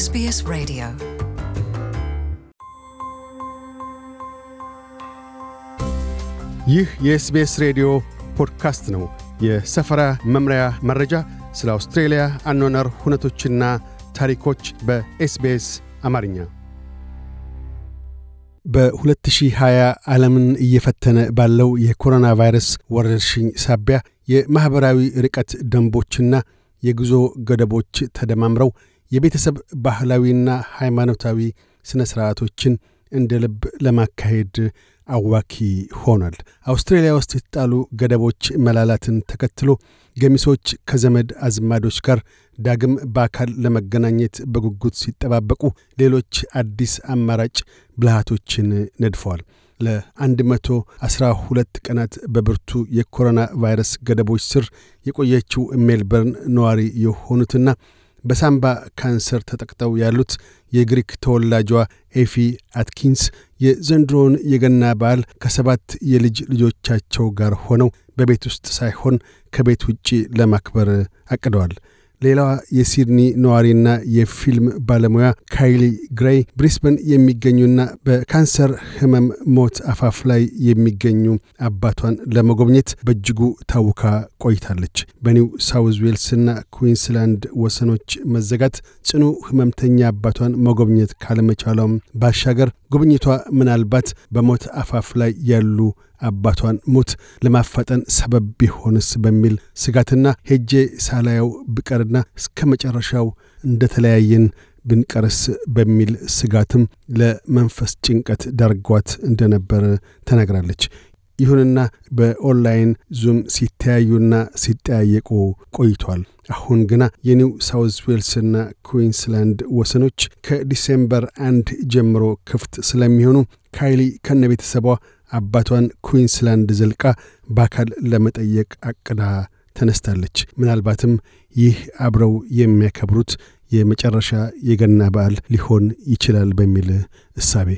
ኤስቢኤስ Radio. ይህ የኤስቢኤስ ሬዲዮ ፖድካስት ነው። የሰፈራ መምሪያ መረጃ፣ ስለ አውስትሬልያ አኗኗር ሁነቶችና ታሪኮች በኤስቢኤስ አማርኛ። በ2020 ዓለምን እየፈተነ ባለው የኮሮና ቫይረስ ወረርሽኝ ሳቢያ የማኅበራዊ ርቀት ደንቦችና የጉዞ ገደቦች ተደማምረው የቤተሰብ ባህላዊና ሃይማኖታዊ ሥነ ሥርዓቶችን እንደ ልብ ለማካሄድ አዋኪ ሆኗል። አውስትራሊያ ውስጥ የተጣሉ ገደቦች መላላትን ተከትሎ ገሚሶች ከዘመድ አዝማዶች ጋር ዳግም በአካል ለመገናኘት በጉጉት ሲጠባበቁ፣ ሌሎች አዲስ አማራጭ ብልሃቶችን ነድፈዋል። ለ112 ቀናት በብርቱ የኮሮና ቫይረስ ገደቦች ስር የቆየችው ሜልበርን ነዋሪ የሆኑትና በሳምባ ካንሰር ተጠቅጠው ያሉት የግሪክ ተወላጇ ኤፊ አትኪንስ የዘንድሮውን የገና በዓል ከሰባት የልጅ ልጆቻቸው ጋር ሆነው በቤት ውስጥ ሳይሆን ከቤት ውጪ ለማክበር አቅደዋል። ሌላዋ የሲድኒ ነዋሪና የፊልም ባለሙያ ካይሊ ግሬይ ብሪስበን የሚገኙና በካንሰር ህመም ሞት አፋፍ ላይ የሚገኙ አባቷን ለመጎብኘት በእጅጉ ታውካ ቆይታለች። በኒው ሳውዝ ዌልስና ኩዊንስላንድ ወሰኖች መዘጋት ጽኑ ህመምተኛ አባቷን መጎብኘት ካለመቻለውም ባሻገር ጉብኝቷ ምናልባት በሞት አፋፍ ላይ ያሉ አባቷን ሞት ለማፋጠን ሰበብ ቢሆንስ በሚል ስጋትና ሄጄ ሳላየው ብቀርና እስከ መጨረሻው እንደተለያየን ብንቀርስ በሚል ስጋትም ለመንፈስ ጭንቀት ዳርጓት እንደነበር ተናግራለች። ይሁንና በኦንላይን ዙም ሲተያዩና ሲጠያየቁ ቆይቷል። አሁን ግና የኒው ሳውዝ ዌልስና ኩዊንስላንድ ወሰኖች ከዲሴምበር አንድ ጀምሮ ክፍት ስለሚሆኑ ካይሊ ከነ ቤተሰቧ አባቷን ኩዊንስላንድ ዘልቃ በአካል ለመጠየቅ አቅዳ ተነስታለች። ምናልባትም ይህ አብረው የሚያከብሩት የመጨረሻ የገና በዓል ሊሆን ይችላል በሚል እሳቤ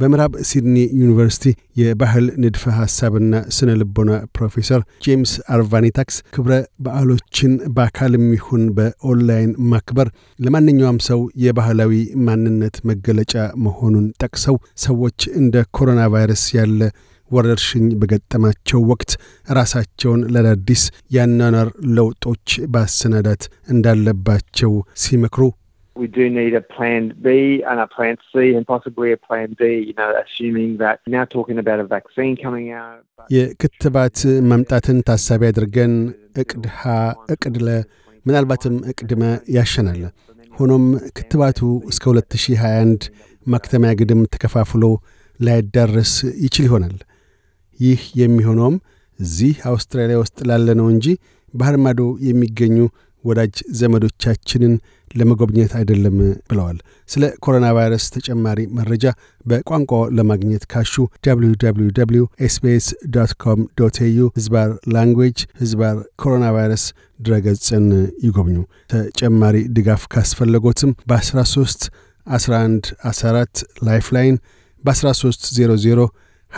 በምዕራብ ሲድኒ ዩኒቨርሲቲ የባህል ንድፈ ሐሳብና ስነ ልቦና ፕሮፌሰር ጄምስ አርቫኒታክስ ክብረ በዓሎችን በአካልም ይሁን በኦንላይን ማክበር ለማንኛውም ሰው የባህላዊ ማንነት መገለጫ መሆኑን ጠቅሰው ሰዎች እንደ ኮሮና ቫይረስ ያለ ወረርሽኝ በገጠማቸው ወቅት ራሳቸውን ለአዳዲስ የአኗኗር ለውጦች በአሰናዳት እንዳለባቸው ሲመክሩ We do need a plan B and a plan C and possibly a plan D, you know, assuming that now talking about a vaccine coming out. የክትባት መምጣትን ታሳቢ አድርገን እቅድ ሀ እቅድ ለ ምናልባትም እቅድመ ያሸናል። ሆኖም ክትባቱ እስከ 2021 ማክተሚያ ግድም ተከፋፍሎ ላይዳረስ ይችል ይሆናል። ይህ የሚሆነውም እዚህ አውስትራሊያ ውስጥ ላለ ነው እንጂ ባህር ማዶ የሚገኙ ወዳጅ ዘመዶቻችንን ለመጎብኘት አይደለም ብለዋል። ስለ ኮሮና ቫይረስ ተጨማሪ መረጃ በቋንቋ ለማግኘት ካሹ www ኤስቢኤስ ዶት ኮም ዶት ኤዩ ህዝባር ላንጉዌጅ ህዝባር ኮሮና ቫይረስ ድረገጽን ይጎብኙ። ተጨማሪ ድጋፍ ካስፈለጎትም በ13 11 14 ላይፍላይን በ1300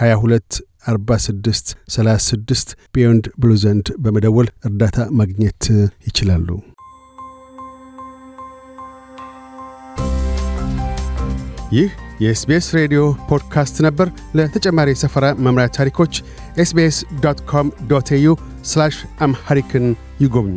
22 46 ቢዮንድ ብሉ ዘንድ በመደወል እርዳታ ማግኘት ይችላሉ። ይህ የኤስቤስ ሬዲዮ ፖድካስት ነበር። ለተጨማሪ የሰፈራ መምሪያ ታሪኮች ኤስቤስ ዶት ኮም ዶት ኤዩ አምሐሪክን ይጎብኙ።